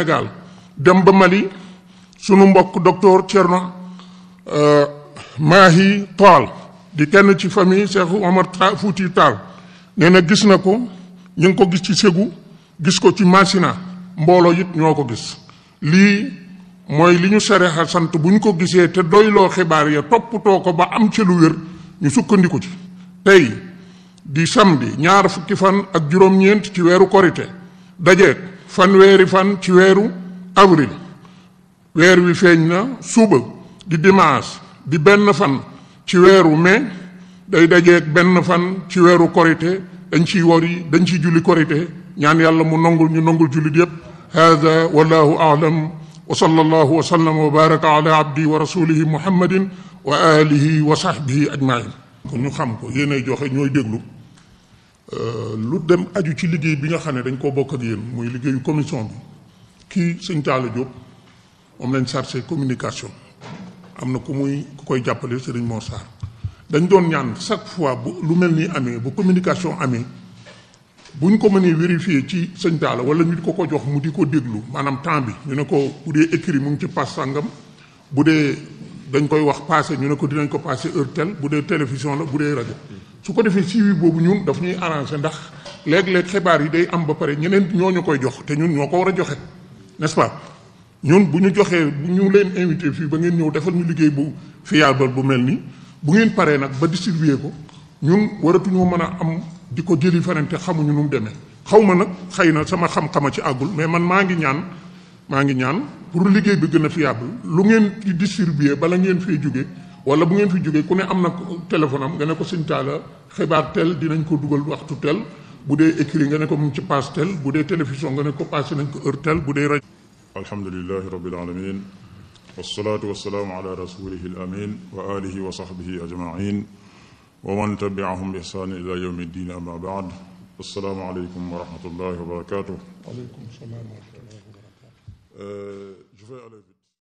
Sénégal dem ba Mali sunu mbokk docteur Thierno euh, Mahi Tall di kenn ci famille Cheikh Omar Ta Fouti Tall nee gis na ko ñu ngi ko gis ci Ségou gis ko ci Massina mbooloo it ñoo ko gis lii mooy li ñu sarexa sant bu ñu ko gisee te doyloo xibaar ya toppatoo ko ba am ci lu wér ñu sukkandiku ci tey di samedi ñaar fukki fan ak juróom-ñeent ci weeru korite dajeet fanweeri fan ci weeru avril weer wi feeñ na suba di dimanche di benn fan ci weeru me day dajeeg benn fan ci weeru korite dañ ciy wori dañ ciy julli korite ñaan yàlla mu nongul ñu nongul jullit yépp hada wallahu aalam wa sallallahu wa sallama wa baraka ala abdi wa rasulihi muhammadin wa alihi wa sahbihi ajmain kon ñu xam ko yéenay joxe ñooy déglu Euh, lu dem aju ci liggéey bi nga xam ne dañ koo bokk ak yéen muy liggéeyu commission bi kii sëñ Talla Diop moom lañ sa communication am na ku muy ku koy jàppale sëriñ Mor Sarr dañ doon ñaan chaque fois bu lu mel nii amee bu communication amee ñu ko mënee vérifier ci sëñ Talla wala ñu di ko ko jox mu di ko déglu maanaam temps bi ñu ne ko bu dee écrit mu ngi ci pass sàngam bu dee dañ koy wax passé ñu ne ko dinañ ko passé heure tel bu dee télévision la bu dee rajo su ko defee suivi boobu ñun daf ñuy arrangé ndax léeg-léeg xibaar yi day am ba pare ñeneen ñoo ñu koy jox te ñun ñoo ko war a joxe n'est-ce ñun bu ñu joxee bu ñu leen invité fii ba ngeen ñëw defal ñu liggéey bu fiable bu mel nii bu ngeen paree nag ba distribuer ko ñun waratuñoo mën a am di ko jëli feneen xamuñu nu mu demee. xaw ma nag xëy na sama xam-xama ci àggul mais man maa ngi ñaan maa ngi ñaan pour liggéey bi gën a fiable lu ngeen di distribuer bala ngeen fee jóge wala bu ngeen fi jógee ku ne am na téléphone am nga ne ko sëñ Talla xibaar tel dinañ ko dugal waxtu tel bu dee écrit nga ne ko mu ngi ci passe tel bu dee télévision nga ne ko passé ko heure tel bu dee rajo alhamdulilahi rabbil alamin wasalaatu wasalaamu ala rasulihi al amin wa alihi wa sahbihi ajmain wa man tabiahum bi ihsaanin ila yawmi ddin amma baad assalaamu aleykum wa rahmatullahi wa barakatuh